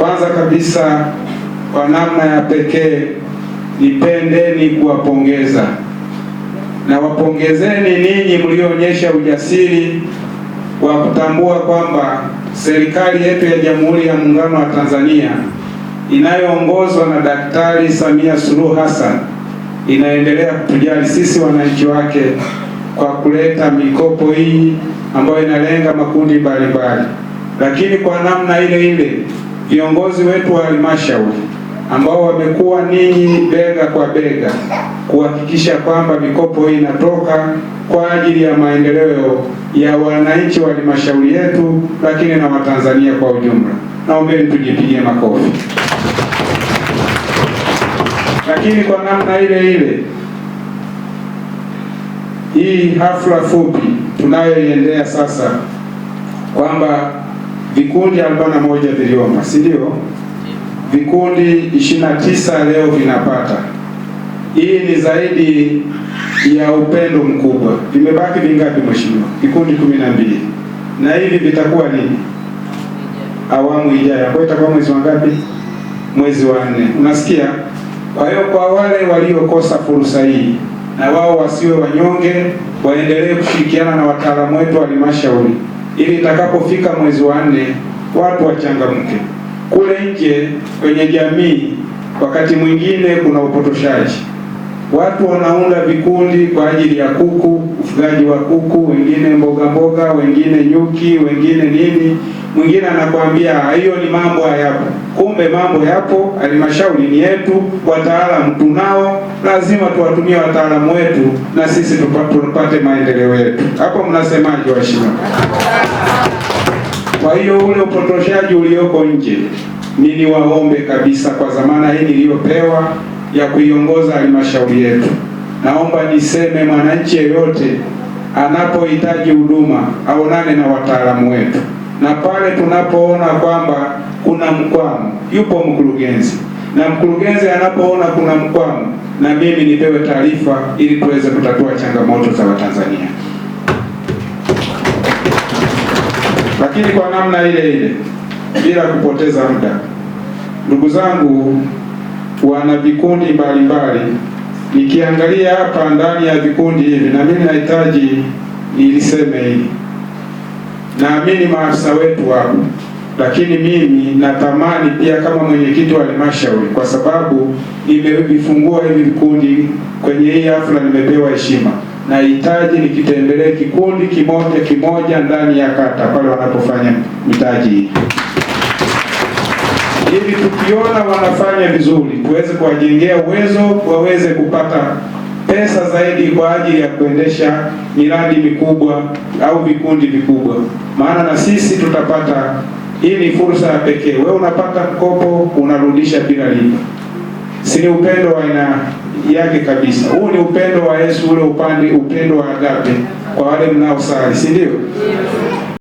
Kwanza kabisa, kwa namna ya pekee, nipendeni kuwapongeza na wapongezeni ninyi mlioonyesha ujasiri wa kutambua kwamba serikali yetu ya Jamhuri ya Muungano wa Tanzania inayoongozwa na Daktari Samia Suluhu Hassan inaendelea kutujali sisi wananchi wake kwa kuleta mikopo hii ambayo inalenga makundi mbalimbali, lakini kwa namna ile ile viongozi wetu wa halmashauri ambao wamekuwa ninyi bega kwa bega kuhakikisha kwamba mikopo hii inatoka kwa ajili ya maendeleo ya wananchi wa halmashauri yetu, lakini na Watanzania kwa ujumla. Naombeni tujipigie makofi. Lakini kwa namna ile ile, hii hafla fupi tunayoiendea sasa kwamba vikundi 41 vilioma, si ndio? Vikundi 29 leo vinapata. Hii ni zaidi ya upendo mkubwa. Vimebaki vingapi mheshimiwa? Vikundi 12. Na hivi vitakuwa nini? Awamu ijayo. Kwa itakuwa mwezi ngapi Mwezi wa nne. Unasikia? Kwa hiyo kwa wale waliokosa fursa hii na wao wasiwe wanyonge, waendelee kushirikiana na wataalamu wetu wa halmashauri ili itakapofika mwezi wa nne watu wachangamke. Kule nje kwenye jamii, wakati mwingine kuna upotoshaji, watu wanaunda vikundi kwa ajili ya kuku, ufugaji wa kuku, wengine mboga mboga, wengine nyuki, wengine nini Mwingine anakuambia hiyo ni mambo hayapo. Kumbe mambo yapo, halmashauri ni yetu, wataalamu tunao, lazima tuwatumie wataalamu wetu na sisi tupate maendeleo yetu. Hapo mnasemaje waheshimiwa? Kwa hiyo ule upotoshaji ulioko nje, nini, waombe kabisa kwa zamana hii niliyopewa ya kuiongoza halmashauri yetu, naomba niseme mwananchi yeyote anapohitaji huduma aonane na wataalamu wetu na pale tunapoona kwamba kuna mkwamo, yupo mkurugenzi, na mkurugenzi anapoona kuna mkwamo, na mimi nipewe taarifa ili tuweze kutatua changamoto za Watanzania. Lakini kwa namna ile ile, bila kupoteza muda, ndugu zangu, wana vikundi mbalimbali, nikiangalia hapa ndani ya vikundi hivi, na mimi nahitaji niliseme hili naamini maafisa wetu wapo, lakini mimi natamani pia kama mwenyekiti wa halmashauri, kwa sababu nimevifungua hivi vikundi kwenye hii hafla, nimepewa heshima, nahitaji nikitembelee kikundi kimoja kimoja ndani ya kata pale wanapofanya mitaji hii hivi tukiona wanafanya vizuri tuweze kuwajengea uwezo waweze kupata pesa zaidi kwa ajili ya kuendesha miradi mikubwa au vikundi vikubwa, maana na sisi tutapata. Hii ni fursa ya pekee, wewe unapata mkopo unarudisha bila lipo. Si ni upendo wa aina yake kabisa. Huu ni upendo wa Yesu, ule upande upendo wa agape kwa wale mnaosali, si ndio?